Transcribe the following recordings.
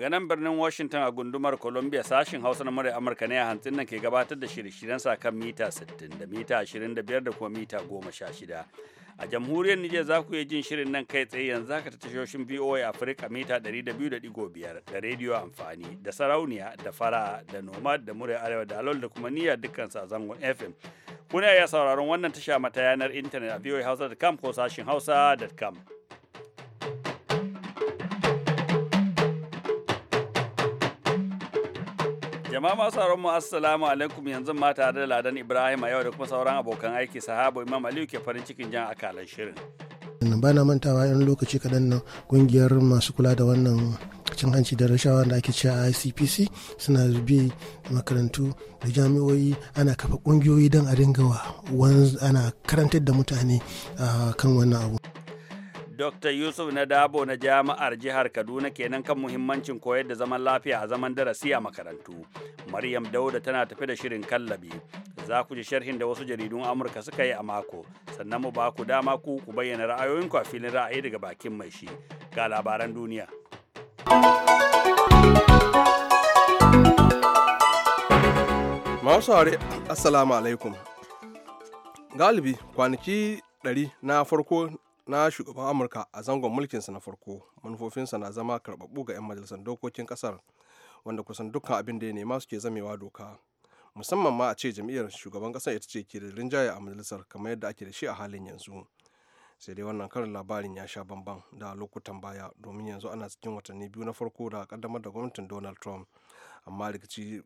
Daga nan birnin Washington a gundumar Columbia sashin Hausa na murya Amurka ne a hantsin nan ke gabatar da shirye-shiryen sa kan mita 60 da mita 25 da kuma mita 16. A jamhuriyar Nijar za ku iya jin shirin nan kai tsaye yanzu haka ta tashoshin VOA Africa mita 200.5 da rediyo amfani da sarauniya da fara da nomad da murya arewa da alol da kuma niyya dukkan sa zangon FM. Kuna iya sauraron wannan tasha mata yanar intanet a voahausa.com ko sashin hausa.com. Jama'a masu sauran mu assalamu alaikum yanzu ma tare da Ladan Ibrahim a yau da kuma sauran abokan aiki sahabo Imam Aliyu ke farin cikin jan akalan shirin. ba na mantawa yan lokaci kaɗan nan kungiyar masu kula da wannan cin hanci da rashawa da ake cewa ICPC suna bi makarantu da jami'o'i ana kafa kungiyoyi don a dinga wa ana karantar da mutane ah, kan wannan abu. Dr. Yusuf na Dabo na Jami'ar Jihar Kaduna kenan kan muhimmancin koyar da zaman lafiya a zaman darasi a makarantu. Maryam Dauda tana tafi da shirin kallabi. Za ku ji sharhin da wasu jaridun Amurka suka yi a mako, sannan mu ba ku dama ku ku bayyana ra'ayoyinku a filin ra'ayi daga bakin mai shi. Ga labaran duniya. Masu Assalamu alaikum. Galibi kwanaki 100 na farko na shugaban amurka a zangon mulkinsa na farko manufofinsa na zama karɓaɓɓu ga 'yan majalisar dokokin kasar wanda kusan dukkan abin da ya nema suke zamewa doka musamman ma a ce jam'iyyar shugaban kasar ita ce ke da rinjaye a majalisar kamar yadda ake da shi a halin yanzu sai dai wannan karin labarin ya sha bamban da lokutan baya domin yanzu ana cikin watanni biyu na farko da kaddamar da gwamnatin donald trump amma rikici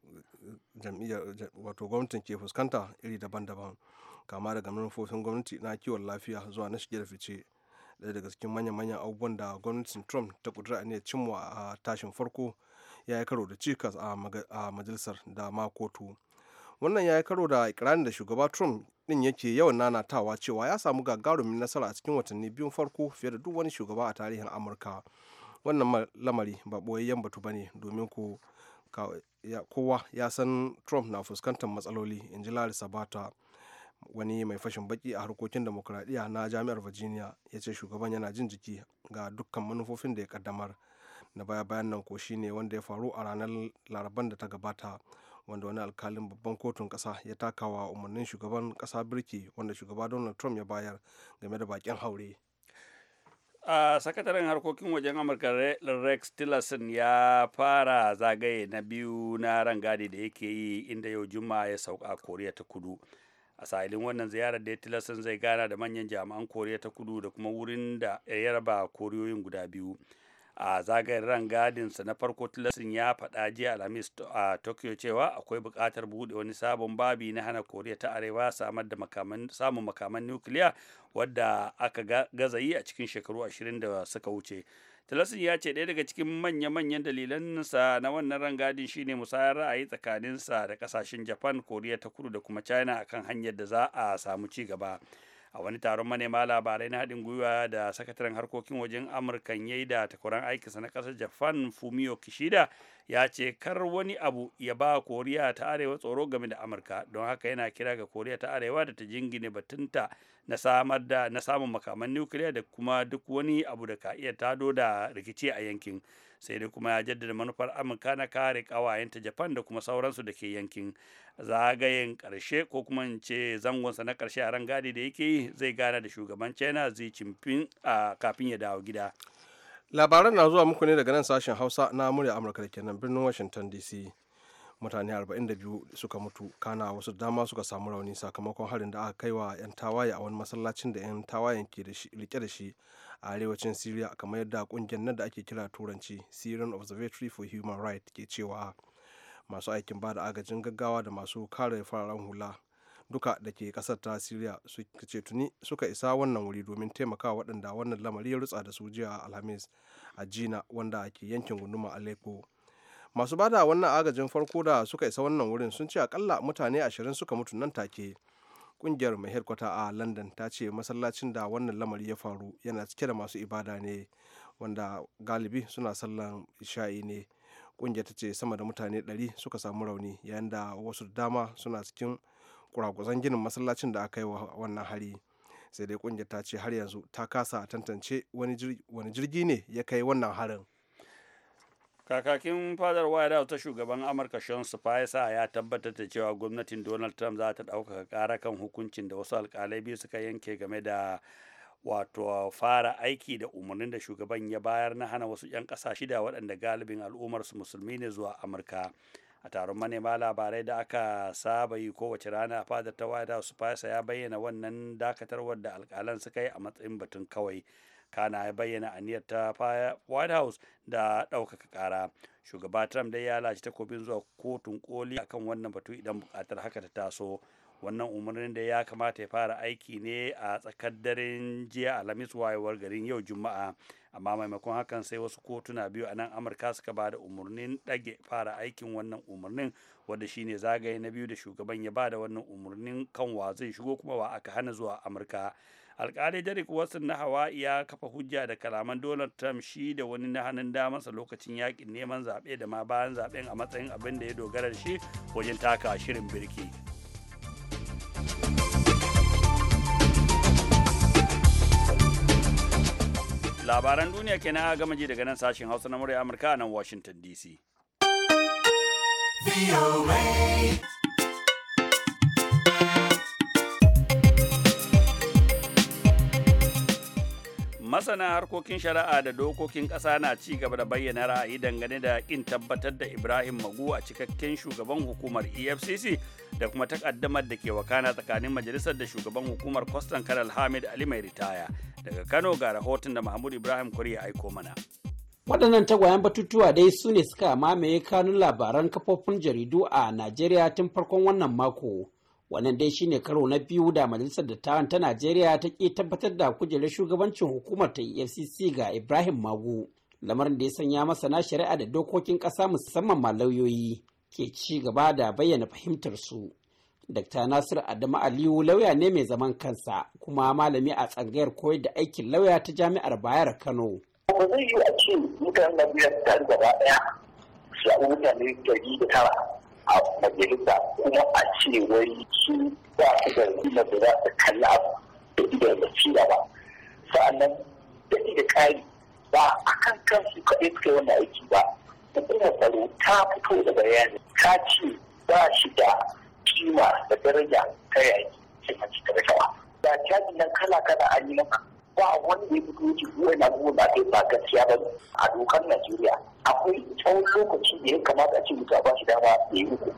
jam'iyyar wato gwamnatin ke fuskanta iri daban-daban kama daga manufofin gwamnati na kiwon lafiya zuwa na shige da fice daya daga cikin manya-manyan abubuwan da gwamnatin trump ta a aniyar cimma a tashin farko ya yi karo da cikas a majalisar da ma kotu wannan ya yi karo da ikirarin da shugaba trump din yake yawan nanatawa cewa ya samu gagarumin nasara a cikin watanni biyun farko fiye da duk wani shugaba a tarihin amurka wannan lamari ba yan batu ba ne domin ko kowa ya san trump na fuskantar matsaloli in ji larry sabata wani mai fashin baki a harkokin demokuraɗiyya na jami'ar virginia ya ce shugaban yana jin jiki ga dukkan manufofin da ya kaddamar na baya bayan nan ko shine wanda ya faru a ranar laraban da ta gabata wanda wani alkalin babban kotun ƙasa ya takawa umarnin shugaban ƙasa birki wanda shugaba donald trump ya bayar game da bakin haure a uh, sakataren harkokin wajen amurka rex tillerson ya fara zagaye na biyu na rangadi da yake yi inda yau juma'a ya sauka koriya ta kudu a sahilin wannan ziyarar da ya tilasin zai gana da manyan jami'an koriya ta kudu da kuma wurin da ya yarba koriyoyin guda biyu a zagayen gadinsa na farko tilasin ya faɗa jiya alhamis a tokyo cewa akwai buƙatar buɗe wani sabon babi na hana koriya ta arewa samar samun makaman nukiliya wadda aka gaza yi a cikin shekaru ashirin da suka wuce Tillerson ya ce ɗaya daga cikin manya-manyan dalilansa na wannan rangadin shine musayar ra'ayi sa da kasashen Japan, Koriya ta Kudu da kuma China akan hanyar da za a samu ci gaba. a wani taron manema labarai na haɗin gwiwa da sakataren harkokin wajen amurkan ya yi da takwaran aikinsa na ƙasar japan fumio kishida ya ce kar wani abu ya ba koriya ta arewa tsoro game da amurka don haka yana kira ga koriya ta arewa da ta jingine batunta na samar da na samun makaman nukiliya da kuma duk wani abu da ka iya tado da rikici a yankin sai dai kuma ya jaddada manufar amurka na kare kawayenta japan da kuma sauransu da ke yankin zagayen karshe ko kuma in ce zangonsa na karshe a rangadi da yake yi zai gana da shugaban china zai cimfin a kafin ya dawo gida labaran na zuwa muku ne daga nan sashen hausa na murya amurka da kenan birnin washington dc mutane 42 suka mutu kana wasu dama suka samu rauni sakamakon harin da aka kai wa 'yan tawaye a wani masallacin da 'yan tawayen ke rike da shi a arewacin syria kamar yadda kungiyar nan da ake kira turanci syrian observatory for human rights ke cewa masu aikin ba da agajin gaggawa da masu kare fararen hula duka da ke kasar ta siriya suka ce tuni suka isa wannan wuri domin taimakawa waɗanda wannan lamari ya rutsa da su jiya a alhamis a jina wanda ake yankin gunduma aleppo masu bada wannan agajin farko da suka isa wannan wurin sun ce akalla mutane ashirin suka mutu nan take kungiyar mai herkwata a london ta ce masallacin da wannan lamari ya faru yana cike da masu ibada ne wanda galibi suna sallan isha'i ne kungiyar ta ce sama da mutane 100 suka samu rauni yayin da wasu dama suna cikin kurakuzan ginin masallacin da aka yi wa wannan hari sai dai kungiyar ta ce har yanzu ta kasa tantance wani jirgi ne ya kai wannan harin kakakin fadar white ta shugaban amurka sean spicer ya tabbatar da cewa gwamnatin donald trump za ta ɗaukaka ƙara kan hukuncin da wasu alƙalai biyu suka yanke game da wato fara aiki da umarnin da shugaban ya bayar na hana wasu 'yan ƙasa shida waɗanda galibin al'ummarsu musulmi ne zuwa amurka a taron manema labarai da aka saba yi kowace rana a fadar ta white house fasa ya bayyana wannan dakatarwar da alkalan suka yi a matsayin batun kawai kana ya bayyana aniyar ta white house da ɗaukaka ƙara shugaba trump dai ya lashe takobin zuwa kotun koli akan wannan batu idan bukatar haka ta taso wannan umarnin da ya kamata ya fara aiki ne a tsakar daren jiya alhamis wayewar garin yau juma'a amma maimakon hakan sai wasu kotuna biyu a nan amurka suka ba da umarnin ɗage fara aikin wannan umarnin wanda shine zagaye na biyu da shugaban ya ba da wannan umarnin kan wa zai shigo kuma wa aka hana zuwa amurka alkali derek watson na hawaii ya kafa hujja da kalaman donald trump shi da wani na hannun damansa lokacin yakin neman zaɓe da ma bayan zaɓen a matsayin abin da ya dogara da shi wajen taka shirin birki. labaran duniya kenan a gama ji daga nan sashen hausa na murya amurka nan washington dc masana harkokin shari'a da dokokin ƙasa na ci gaba da bayyana ra'ayi dangane da kin tabbatar da ibrahim magu a cikakken shugaban hukumar efcc da kuma takaddamar da ke wakana tsakanin majalisar da shugaban hukumar kwastan kanal hamid ali mai ritaya Daga Kano ga rahoton da Mahmud Ibrahim kuri ya aiko mana. Waɗannan tagwayen batutuwa dai su ne suka mamaye kanun labaran kafofin jaridu a Najeriya tun farkon wannan mako. Wannan dai shine karo na biyu da Majalisar Dattawan ta Najeriya ta ƙi tabbatar da kujerar shugabancin hukumar ta EFCC ga Ibrahim Magu. Lamarin da ya sanya masana shari'a da dokokin ƙasa musamman ma lauyoyi ke ci gaba da bayyana fahimtar su. Dakta Nasir Adamu Aliyu lauya ne mai zaman kansa kuma malami a tsangayar koyar da aikin lauya ta jami'ar Bayar Kano. Ba zai yi a ce mutanen Najeriya ta gaba ɗaya su abu mutane gari da tara a majalisa kuma a ce wai su ba su da rima da za su kalli abu da idan basira ba. Sa'annan da da ƙari ba a kan kansu kaɗai suka yi wannan aiki ba. Hukumar tsaro ta fito da bayani ta ce ba shi da kima da daraja ta yaki ce mace da shawa. da caji nan kala kala an yi maka ba wani ne fito yake zuwa na abubuwan da ba gaskiya ba a dokar najeriya akwai tsawon lokaci da ya kamata a ce mutu a ba shi dama ya yi uku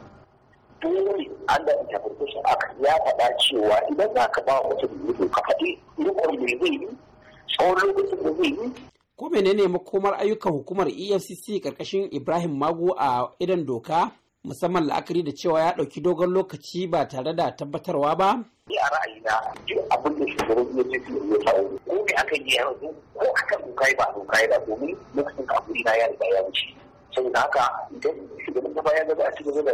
dole an da burkushin aka ya faɗa cewa idan za ka ba mutum riko ka faɗi rukun da zai yi tsawon lokacin da zai yi ko menene makomar ayyukan hukumar efcc karkashin ibrahim mago a idan doka musamman la'akari da cewa ya ɗauki dogon lokaci ba tare da tabbatarwa ba? Ni a ra'ayina duk abin da shugaban ya ce ya faru ko me aka yi yanzu ko aka dokai ba dokai ba domin lokacin kafuri na ya riga ya wuce. da haka idan shugaban ta baya gaba a ci gaba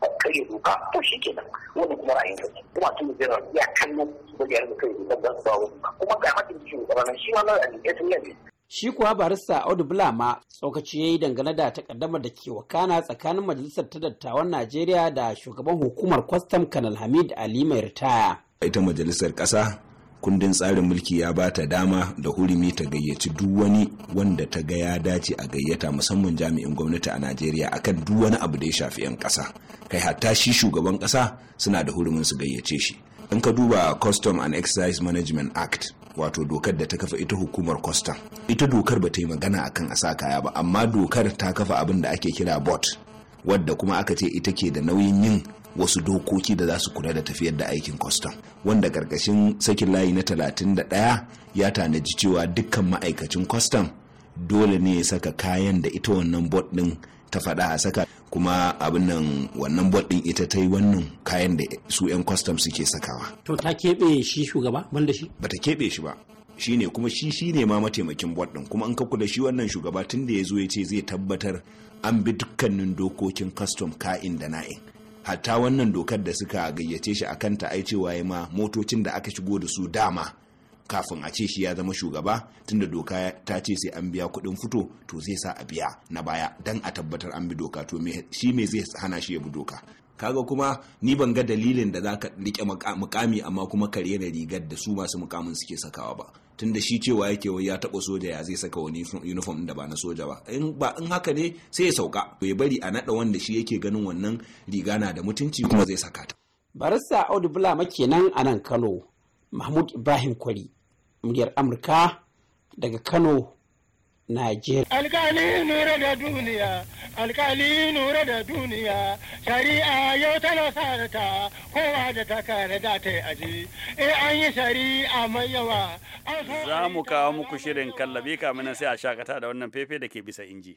da karya doka to shi ke kenan wani kuma ra'ayin ka kuma tun zai ya kallon da ya riga kai doka ba kuma ga matin shugaban shi ma na da alƙasar yanzu. Shi kuwa barista Audu Bulama tsokaci ya yi dangane da takaddamar da ke wakana tsakanin majalisar ta dattawan Najeriya da shugaban hukumar kwastam Kanal Hamid Ali mai ritaya. Ita majalisar ƙasa kundin tsarin mulki ya ba ta dama da hurumi ta gayyaci duk wani wanda ta ga ya dace a gayyata musamman jami'in gwamnati a najeriya akan duk wani abu da ya shafi 'yan ƙasa kai hatta shi shugaban ƙasa suna da hurumin su gayyace shi in ka duba custom and excise management act wato dokar da ta kafa ita hukumar custom ita dokar ba ta yi magana akan a sa kaya ba amma dokar ta kafa abin da ake kira bot wadda kuma aka ce ita ke da nauyin yin wasu dokoki da za su kula da tafiyar da aikin kwastam wanda karkashin sakin layi na 31 ya tanaji cewa dukkan ma'aikacin kwastam dole ne ya saka kayan da ita wannan bot din ta faɗa a saka kuma abin nan wannan bot din ita ta yi wannan kayan da su 'yan kwastam suke sakawa. To ta keɓe shi shugaba banda shi? Ba ta keɓe shi ba. shi ne kuma shi shi ne ma mataimakin bot din kuma an ka kula shi wannan shugaba tun da ya zo ya ce zai tabbatar an bi dukkanin dokokin custom ka'in da na'in hatta wannan dokar da suka gayyace shi a kanta ai cewa ya ma motocin da aka shigo da su dama kafin a ce shi ya zama shugaba tunda doka ta ce sai an biya kuɗin fito to zai sa a biya na baya dan a tabbatar an bi doka to shi me zai hana shi ya bi doka kaga kuma ni ban ga dalilin da za ka rike mukami amma kuma ka rena rigar da su masu mukamin suke sakawa ba tunda shi cewa yake wai ya taba soja ya zai saka wani uniform da ba na soja ba in ba in haka ne sai ya sauka ya bari a nada wanda shi yake ganin wannan riga na da mutunci kuma zai saka ta barista Audu Bulama kenan a nan Kano Mahmud Ibrahim Kwari muryar amurka daga kano Nigeria. Alkali nura da duniya, alkali nura da duniya, shari'a yau tana sa ta kowa da ta kare da ta yi aji, eh, an yi shari'a mai yawa. Za mu kawo muku shirin kallabi kamin sai a shakata da wannan fefe da ke bisa inji.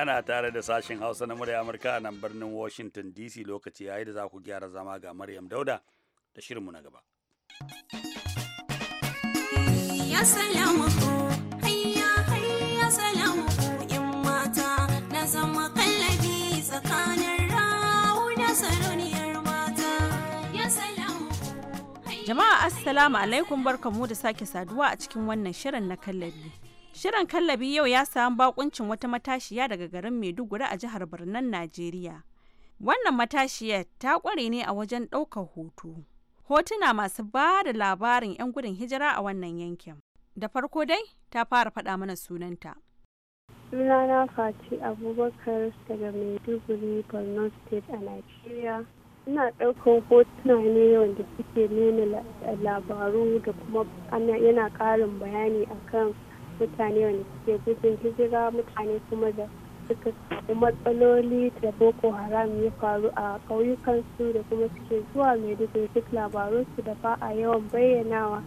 ana tare da sashen hausa na murya amurka a nan birnin washington dc lokaci yayi da za ku gyara zama ga maryam dauda da shirinmu na gaba ya salamu zama kallabi tsakanin jama'a assalamu alaikum barkamu da sake saduwa a cikin wannan shirin na kallabi Shirin kallabi yau ya samu bakuncin wata matashiya daga garin Maiduguri a jihar Birnin Najeriya. Wannan matashiyar ta ƙware ne a wajen ɗaukar hoto. Hotuna masu ba da labarin 'yan gudun hijira a wannan yankin. Da farko dai ta fara faɗa mana sunanta. Sunana Fati Abubakar daga Maiduguri, Borno State a Najeriya. Ina ɗaukar hotuna ne wanda suke nuna labaru da kuma yana ƙarin bayani akan mutane wanda suke gudun hijira mutane kuma da suka matsaloli da boko haram ya faru a ƙauyukansu da kuma suke zuwa maiduguri duk labarunsu da ba a yawan bayyanawa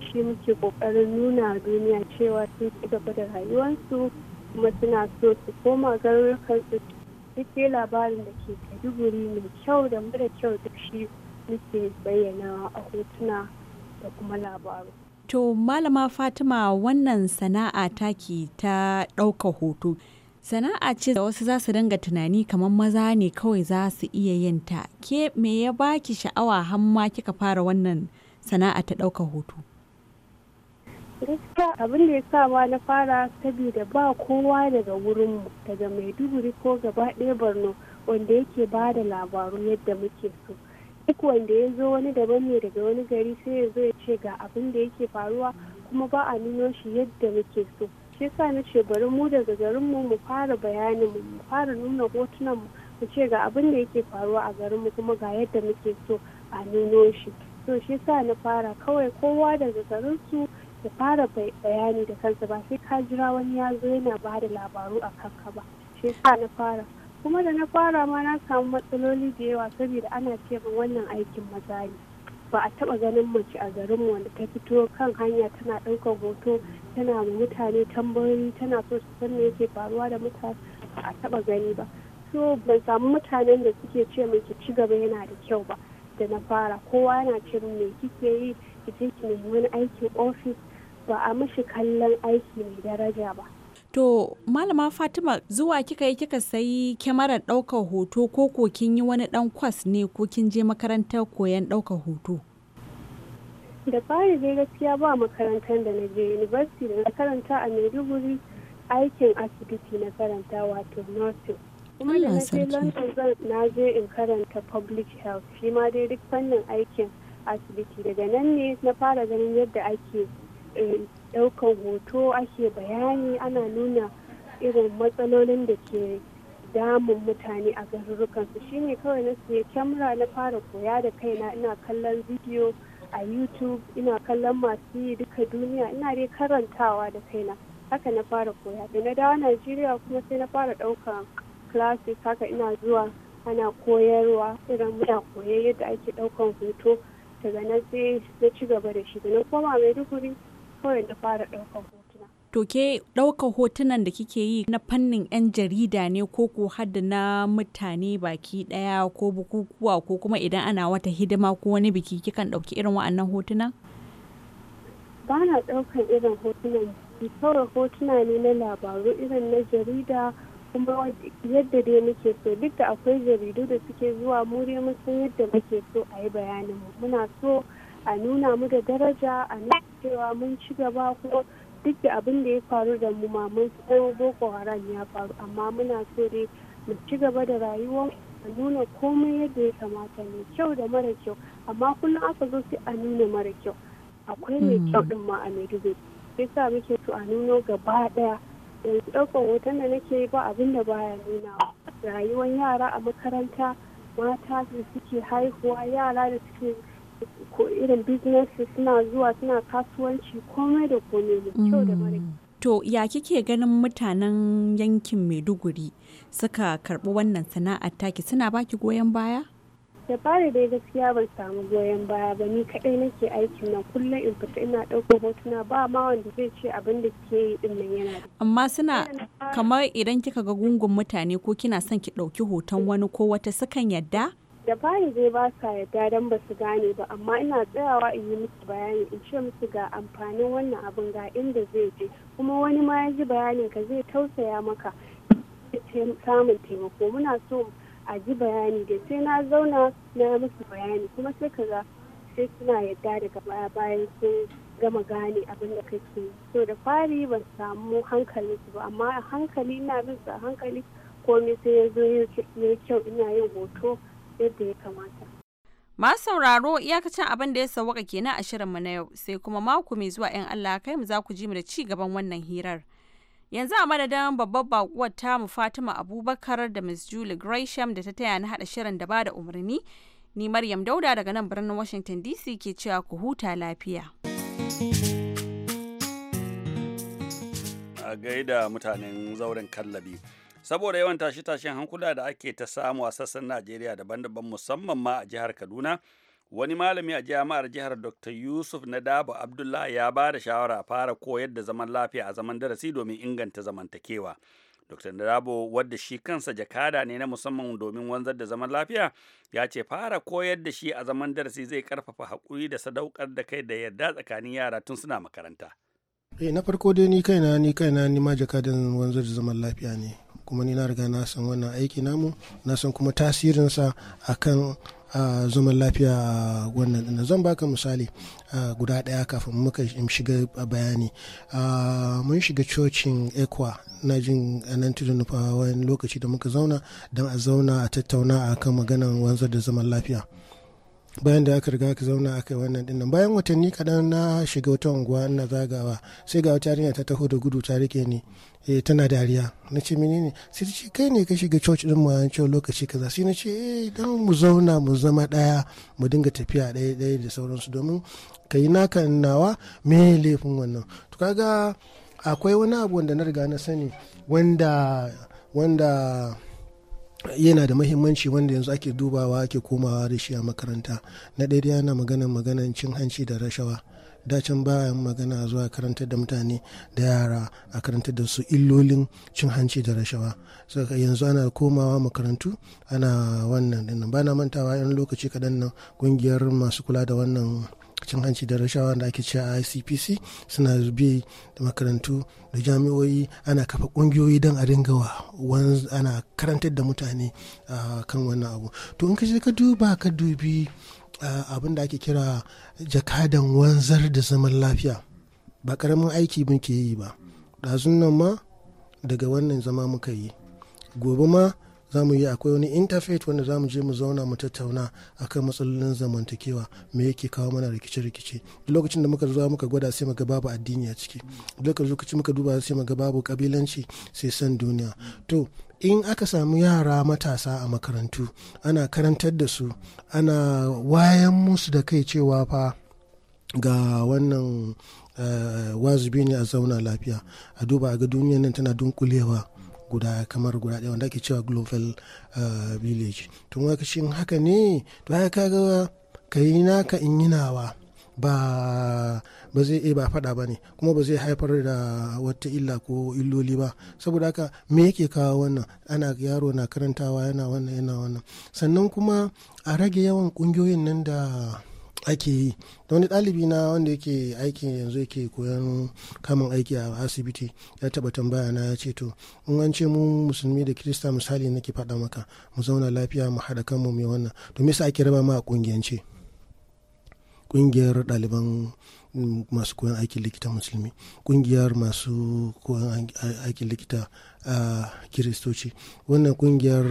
shi muke ƙoƙarin nuna duniya cewa sun ci gaba da rayuwarsu kuma suna so su koma garurukansu duk dai labarin da ke maiduguri mai kyau da mara kyau duk shi muke bayyanawa a hotuna da kuma labaru To Malama Fatima wannan sana'a taki ta ɗauka hoto. Sana'a ce da wasu za su dinga tunani kamar maza ne kawai za su iya yin ta. Ke me ya baki sha'awa har ma kika fara wannan sana'a ta ɗauka hoto? Gaskiya abin da ya sa ma na fara saboda ba kowa daga wurinmu daga Maiduguri ko gaba ɗaya Borno wanda yake ba da labaru yadda muke so. duk wanda ya zo wani daban ne daga wani gari sai ya zo ya ce ga abin da yake faruwa kuma ba a nuno shi yadda muke so shi sa na ce bari mu daga garinmu mu fara bayanin mu fara nuna hotunan mu mu ce ga abin da yake faruwa a garinmu kuma ga yadda muke so a nuno shi so shi sa na fara kawai kowa daga garinsu ya fara bayani da kansa ba sai ka jira wani ya zo yana ba da labaru a kanka ba shi sa na fara kuma da na fara ma na samu matsaloli da yawa saboda ana ce min wannan aikin maza ne ba a taba ganin mace a garinmu wanda ta fito kan hanya tana ɗaukar hoto tana ma mutane tambayoyi tana so su san me yake faruwa da mutane a taba gani ba so ban samu mutanen da suke ce min ki ci gaba yana da kyau ba da na fara kowa yana ce min me kike yi ki je ki nemi wani aikin ofis ba a mashi kallon aiki mai daraja ba To malama Fatima zuwa kika yi kika sayi kyamarar ɗaukar hoto ko ko kin yi wani ɗan kwas ne ko kin je makarantar koyan ɗaukar hoto? Da fari dai gaskiya ba makarantar da na je university da na karanta a Maiduguri aikin asibiti na karanta wato nursing. Kuma da na je London zan na je in karanta public health shi ma dai duk fannin aikin asibiti daga nan ne na fara ganin yadda ake eh, ɗaukar hoto ake bayani ana nuna irin matsalolin da ke damun mutane a garurukansu shine kawai na siya kyamara na fara koya da kaina ina kallon bidiyo a youtube ina kallon masu yi duka duniya ina dai karantawa da kaina haka na fara koya da na dawo najeriya kuma sai na fara ɗaukan classes haka ina zuwa ana koyarwa irin muna koyar yadda ake ɗaukan hoto daga nan sai na ci gaba da shi da na koma maiduguri kawai na fara ɗaukar hotuna. To ke ɗaukar hotunan da kike yi na fannin 'yan jarida ne ko ko hada na mutane baki ɗaya ko bukukuwa ko kuma idan ana wata hidima ko wani biki kikan ɗauki irin wa'annan hotunan? Ba na ɗaukar irin hotunan kawai hotuna ne na labaru irin na jarida kuma yadda dai muke so duk da akwai jaridu da suke zuwa mu dai yadda muke so a yi bayanin mu muna so a nuna mu da daraja a nuna cewa mun ci gaba ko duk da abin da ya faru da mu mamun ko boko haram ya faru amma muna so dai mu ci gaba da rayuwa a nuna komai yadda ya kamata mai kyau da mara kyau amma kullum aka zo sai a nuna mara kyau akwai mai hmm. kyau din ma a maiduguri sai sa muke so a nuno gaba daya yanzu ɗaukar hoton da nake yi ba abin da baya nuna rayuwar yara a makaranta mata da suke haihuwa yara da suke ko irin business suna zuwa suna kasuwanci komai da komai da kyau da mara mm. To ya kike ganin mutanen yankin Maiduguri suka karɓi wannan sana'a, taki suna baki goyon baya? Da da dai gaskiya ban samu goyon baya ba ni kaɗai nake aikin na kullum in fita ina ɗaukar hotuna ba ma wanda zai ce abin da ke yi din nan yana da. Amma suna kamar idan kika ga gungun mutane ko kina son ki ɗauki hoton wani ko wata sukan yadda? da fari zai ba sa yadda don ba su gane ba amma ina tsayawa in yi musu bayani in ce musu ga amfanin wannan abin ga inda zai je kuma wani ma ya ji bayanin ka zai tausaya maka samun taimako muna so a ji bayani da sai na zauna na musu bayani kuma sai ka ga sai suna yadda daga baya bayan sun gama gane abin da kake so da fari ban samu hankalinsu ba amma hankali ina bin su a hankali komai sai ya zo ya kyau ina yin hoto yadda ya kamata. Masu sauraro iyakacin abin da ya sauwaka kenan a mu na yau sai kuma mako mai zuwa 'yan Allah kai mu za ku ji mu da ci gaban wannan hirar. Yanzu a madadin babbar bakuwar mu Fatima Abubakar da ms Julie Gresham da ta taya na haɗa shirin da bada umarni, ni Maryam Dauda daga nan birnin Washington DC ke cewa ku huta lafiya. A gaida mutanen zauren kallabi. saboda yawan tashe-tashen hankula da ake ta samu a sassan najeriya daban-daban musamman ma a jihar kaduna wani malami a jami'ar jihar dr yusuf Nadabu abdullahi ya ba da shawara fara koyar da zaman lafiya a zaman darasi domin inganta zamantakewa dr nadabo wadda shi kansa jakada ne na musamman domin wanzar da zaman lafiya ya ce fara koyar da shi a zaman darasi zai karfafa haƙuri da sadaukar da kai da yarda tsakanin yara tun suna makaranta eh, na farko dai ni kaina ni kaina ni ma jakadan wanzar da zaman lafiya ne kuma ni na riga na san wannan aiki namu na san kuma tasirinsa a kan zaman lafiya wannan ɗin zan baka misali guda ɗaya kafin muka shiga a bayani mun shiga cocin ekwa na jin nan tudun wani lokaci da muka zauna don a zauna a tattauna a kan maganan wanzar da zaman lafiya bayan da aka riga aka zauna aka yi wannan dinnan bayan watanni kaɗan na shiga wata unguwa ina zagawa sai ga wata yarinya ta taho da gudu ta rike ni eh tana dariya na ce ne sai ce kai ne ka shiga church din mu a wancan lokaci kaza sai na ce eh dan mu zauna mu zama daya mu dinga tafiya daya daya da sauransu domin ka yi naka nawa me laifin wannan to kaga akwai wani abu wanda na riga na sani wanda wanda yana da mahimmanci wanda yanzu ake dubawa ake komawa da shi a makaranta na ɗaya yana magana maganan cin hanci da rashawa dacin bayan magana zuwa karantar da mutane da yara a karantar da su illolin cin hanci da rashawa saka yanzu ana komawa makarantu ana wannan dinnan ba na mantawa yan lokaci kaɗan nan ƙungiyar masu kula da wannan cin hanci da rashawa da ake cewa ICPC suna bi da makarantu da jami'oyi ana kafa kungiyoyi don a dinga wa ana karantar da mutane kan wannan abu to in ka je ka duba ka dubi abin da ake kira jakadan wanzar da zaman lafiya ba karamin aiki muke yi ba ɗazun nan ma daga wannan zama muka yi gobe ma za mu yi akwai wani interfaith wanda za mu je mu zauna mu tattauna akan matsalolin zamantakewa me yake kawo mana rikice-rikice lokacin da muka zuwa muka gwada sai muga babu addini a ciki lokacin muka duba sai muga babu kabilanci sai san duniya to in aka samu yara matasa a makarantu ana karantar da su ana wayan musu da kai cewa fa ga wannan Uh, ne a zauna lafiya a duba a ga duniyar nan tana dunkulewa guda kamar guda ɗaya wanda ake cewa global eh, village tun haka shin haka ne to haka kaga ka yi naka in yi nawa ba ba zai iya eh, ba fada ba ne kuma ba zai haifar da wata illa ko illoli ba saboda haka me yake kawo wannan ana yaro na karantawa yana wannan yana wannan sannan kuma a rage yawan ƙungiyoyin nan da ake yi da wani ɗalibi na wanda yake aiki yanzu yake koyon kamun aiki a asibiti ya taba tambaya na ya ce to in an ce mu musulmi da kirista misali nake faɗa maka mu zauna lafiya mu haɗa kanmu mai wannan to me yasa ake raba ma a ƙungiyance ƙungiyar ɗaliban masu koyon aikin likita musulmi kungiyar masu koyon aikin likita a ah, kiristoci wannan kungiyar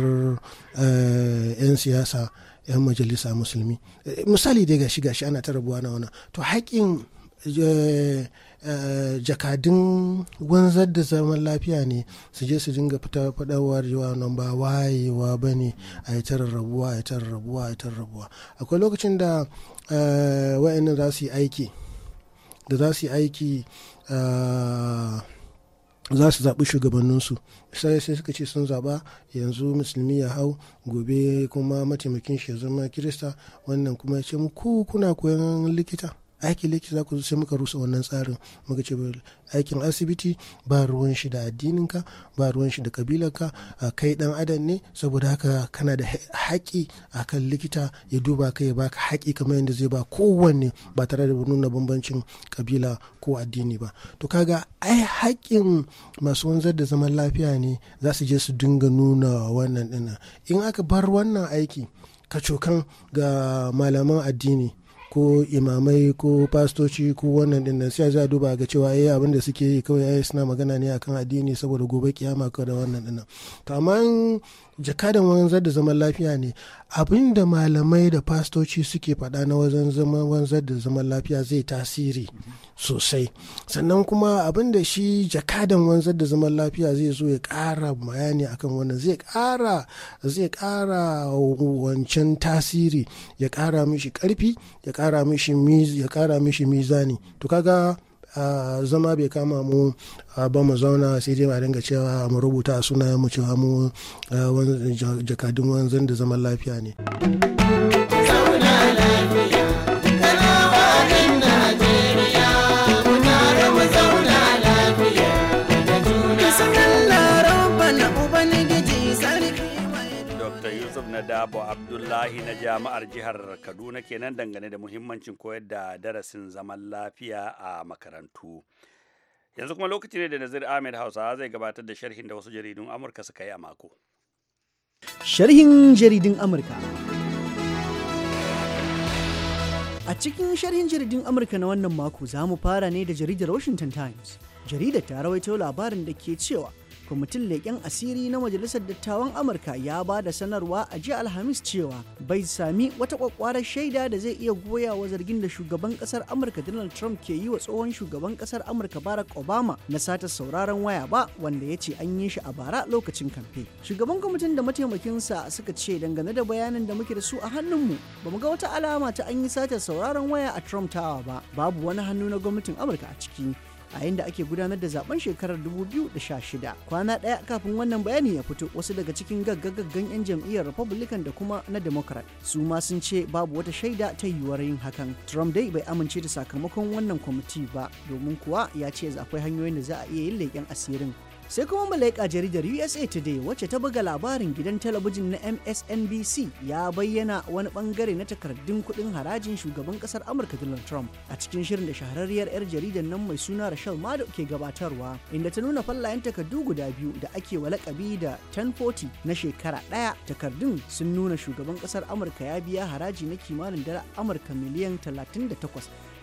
eh, 'yan siyasa 'yan majalisa musulmi eh, misali dai gashi gashi ana ta rabuwa na wani to haƙƙin eh, eh, jakadun wanzar da zaman lafiya ne su je su dinga fita faɗawa yawa nan ba wayewa ba ne a yi ta rabuwa a yi ta rabuwa a yi ta rabuwa akwai lokacin da wa'annan za su yi aiki da za su yi aiki za su zaɓi shugabanninsu sai sai suka ce sun zaɓa yanzu musulmi ya hau gobe kuma mataimakin shi ya zama kirista wannan kuma ya ce mu ku kuna koyon likita aikin likita za ku sai muka rusa wannan tsarin muka ce aikin asibiti ba ruwan shi da addininka ba ruwan shi da kabilarka kai dan adam ne saboda haka kana da haƙi a kan likita ya duba ka ya baka haƙi kamar yadda zai ba kowanne ba tare da nuna bambancin kabila ko addini ba to kaga ai haƙin masu wanzar da zaman lafiya ne za su je su dinga nuna wannan dinnan in aka bar wannan aiki kacokan ga malaman addini ko imamai ko pastoci ko wannan din nan sai a duba ga cewa eh abin da suke yi kawai ai eh, suna magana ne akan addini saboda gobe kiyama ko da wannan din nan to amma jakadan wanzar da zaman lafiya ne abinda malamai da fastoci suke faɗa na wajen zaman wanzar da zaman lafiya zai tasiri sosai sannan kuma abinda shi jakadan wanzar da zaman lafiya zai zo ya ƙara bayani akan wannan zai ƙara zai ƙara wancan tasiri ya ƙara mishi ƙarfi ya ƙara mishi mizani to kaga zama bai kama mu ba mu zauna sai dai a dinga cewa mu rubuta a sunayen mu cewa mu jakadun wanzan da zaman lafiya ne. Sabo Abdullahi na jami'ar jihar Kaduna kenan dangane da muhimmancin koyar da darasin zaman lafiya a makarantu. Yanzu kuma lokaci ne da Nazir Ahmed Hausa zai gabatar da sharhin da wasu jaridun Amurka suka yi a mako. Sharhin jaridun Amurka. A cikin sharhin jaridun Amurka na wannan mako za mu fara ne da jaridar Washington Times. Jaridar ta rawaito labarin da ke cewa kwamitin leƙen asiri na majalisar dattawan amurka ya ba da sanarwa a jiya alhamis cewa bai sami wata kwakwarar shaida da zai iya goya wa zargin da shugaban ƙasar amurka donald trump ke yi wa tsohon shugaban ƙasar amurka barack obama na sata sauraron waya ba wanda ya ce an yi shi a bara lokacin kamfe shugaban kwamitin da mataimakinsa suka ce dangane da bayanin da muke da su a hannunmu ba mu ga wata alama ta an yi sata sauraron waya a trump tawa ba babu wani hannu na gwamnatin amurka a ciki a yayin ake gudanar da zaben shekarar 2016 kwana ɗaya kafin wannan bayani ya fito wasu daga cikin gaggagaggan 'yan jam'iyyar republican da kuma na democrat su ma sun ce babu wata shaida ta yiwuwar yin hakan trump dai bai amince da sakamakon wannan kwamiti ba domin kuwa ya ce akwai hanyoyin da za a iya yin leƙen asirin sai kuma malaika jaridar usa today wacce ta buga labarin gidan talabijin na msnbc ya bayyana wani bangare na takardun kudin harajin shugaban kasar amurka donald trump a cikin shirin da shahararriyar yar jaridar nan mai suna rachel maddow ke gabatarwa inda ta nuna fallayen takardu guda biyu da ake wa lakabi da 1040 na shekara ɗaya, takardun sun nuna shugaban kasar amurka ya biya haraji na kimanin dala amurka miliyan 38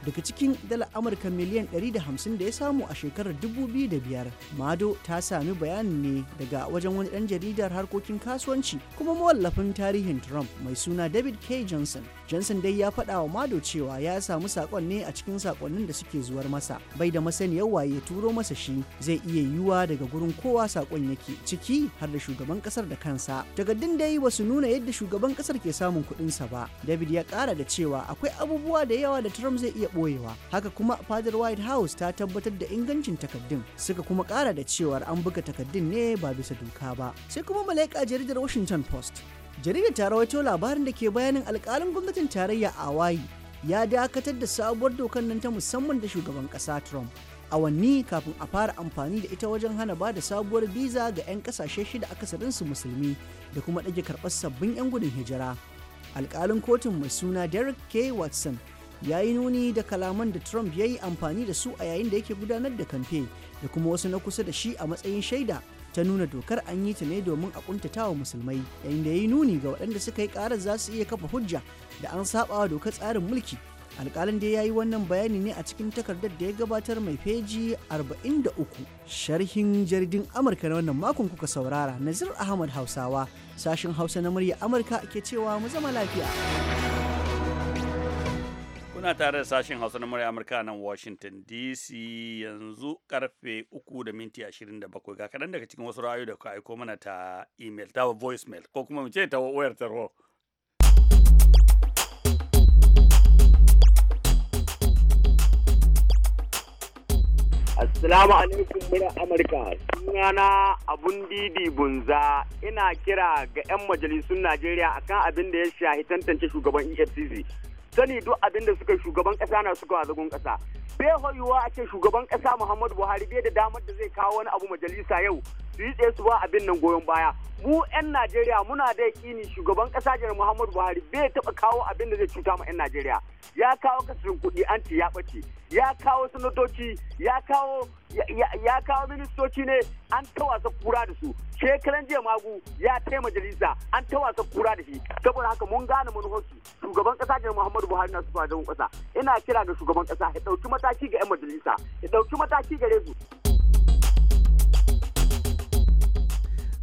daga cikin dala amurka miliyan 150 da ya samu a shekarar 2005 mado ta sami bayanin ne daga wajen wani ɗan jaridar harkokin kasuwanci kuma mawallafin tarihin trump mai suna david k johnson johnson dai ya faɗa wa mado cewa ya samu sakon ne a cikin sakonnin da suke zuwar masa bai da masaniyar waye turo masa shi zai iya yiwuwa daga gurin kowa sakon yake ciki har da shugaban kasar da kansa takardun dai ba su nuna yadda shugaban kasar ke samun kuɗinsa ba david ya ƙara da cewa akwai abubuwa da yawa da trump zai iya ɓoyewa haka kuma fadar white house ta tabbatar da ingancin takardun suka kuma ƙara da cewar an buga takardun ne ba bisa doka ba sai kuma malaika jaridar washington post jaridar ta rawaito labarin da ke bayanin alkalin gwamnatin tarayya a hawaii ya dakatar da sabuwar dokar nan ta musamman da shugaban ƙasa, trump awanni kafin a fara amfani da ita wajen hana ba da sabuwar biza ga 'yan kasashe shida akasarinsu musulmi da kuma ɗage karɓar sabbin 'yan gudun hijira alkalin kotun mai suna derek k watson ya yi nuni da kalaman da trump ya yi amfani da su a yayin da yake gudanar da kamfe da kuma wasu na kusa da shi a matsayin shaida ta nuna dokar an yi ta ne domin a kuntatawa musulmai yayin da ya yi nuni ga waɗanda suka yi ƙarar za su iya kafa hujja da an saɓawa dokar tsarin mulki alƙalin da ya yi wannan bayani ne a cikin takardar da ya gabatar mai feji 43 sharhin jaridin amurka na wannan makon kuka saurara nazir ahmad hausawa Sashen hausa na murya amurka ke cewa mu zama lafiya Kuna tare da sashen Hausa na murya Amurka nan Washington DC yanzu karfe uku da minti 27 ga kaɗan daga cikin wasu ra'ayoyi da ku aiko mana ta email ta voicemail ko kuma mu ce ta wayar tarho. Assalamu alaikum mura Amurka. Sunana abun didi bunza ina kira ga 'yan majalisun Najeriya akan abin da ya shahi tantance shugaban EFCC. sani duk abin da suka shugaban kasa na suka a zagon kasa bai hoyuwa a ce shugaban kasa muhammadu buhari bai da damar da zai kawo wani abu majalisa yau su yi tsaye su ba abin nan goyon baya mu 'yan najeriya muna da yakini shugaban kasa janar muhammadu buhari bai taba kawo abin da zai cuta ma 'yan najeriya ya kawo kasirin kuɗi an ya ɓace ya kawo sanatoci ya kawo ya kawo ministoci ne an ta wasa kura da su shekaran jiya magu ya taima majalisa an ta wasa kura da shi saboda haka mun gane manufarsu shugaban kasa janar muhammadu buhari na su fadan kasa ina kira ga shugaban kasa ya ɗauki mataki ga 'yan majalisa ya ɗauki mataki gare su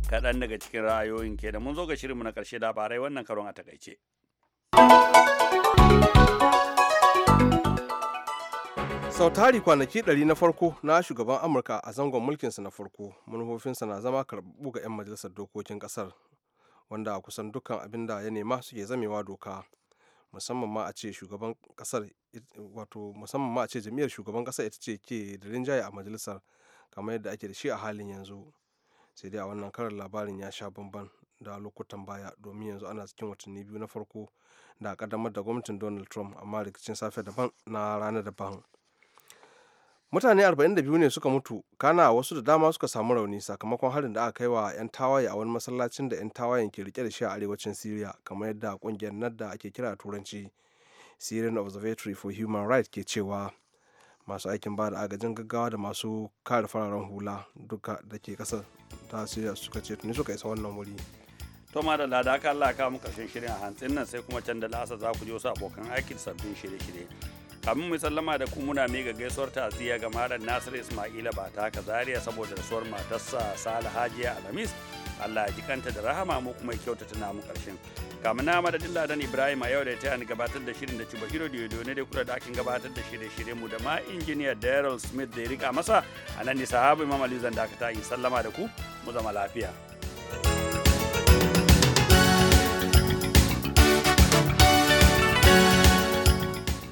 kaɗan daga cikin ra'ayoyin ke da mun zo ga shirinmu na ƙarshe labarai wannan karon a takaice. sau tari kwanaki ɗari na farko na shugaban amurka a zangon mulkinsa na farko manufofinsa na zama karɓu ga 'yan majalisar dokokin ƙasar wanda kusan dukkan abin da ya nema suke zamewa doka musamman ma a ce shugaban ƙasar musamman ma a ce jami'ar shugaban ƙasar ita ce ke da rinjaye a majalisar kamar yadda ake da shi a halin yanzu sai dai a wannan karar labarin ya sha bamban da lokutan baya domin yanzu ana cikin watanni biyu na farko da kaddamar da gwamnatin donald trump amma rikicin safe daban na rana daban mutane 42 ne suka mutu kana wasu da dama suka samu rauni sakamakon harin da aka kai wa 'yan tawaye a wani masallacin da 'yan tawayen ke rike da shi a arewacin syria kamar yadda kungiyar nan da ake kira turanci syrian observatory for human rights ke cewa masu aikin ba da agajin gaggawa da masu kare fararen hula duka da ke kasar ta sai suka ce tuni suka isa wannan wuri to ma da lada aka Allah ka mu karshen shirin a hantsin nan sai kuma can da la'asa za ku je wasu abokan aiki da sabbin shirye-shirye kamin mu sallama da ku muna mai gaisuwar ta'aziyya ga malam Nasir Ismaila ba ta haka zariya saboda rasuwar matarsa Salihajiya Alhamis Allah ya jikanta da rahama mu kuma ya kyautata namu karshen kamun na madadin ladan Ibrahim a yau da ta ni gabatar da shirin da ci bahiro da yodo ne da kura da akin gabatar da shirye shirye mu da ma injiniya Daryl Smith da ya rika masa a nan ne sahabu Imam Ali Zandaka ta yi sallama da ku mu zama lafiya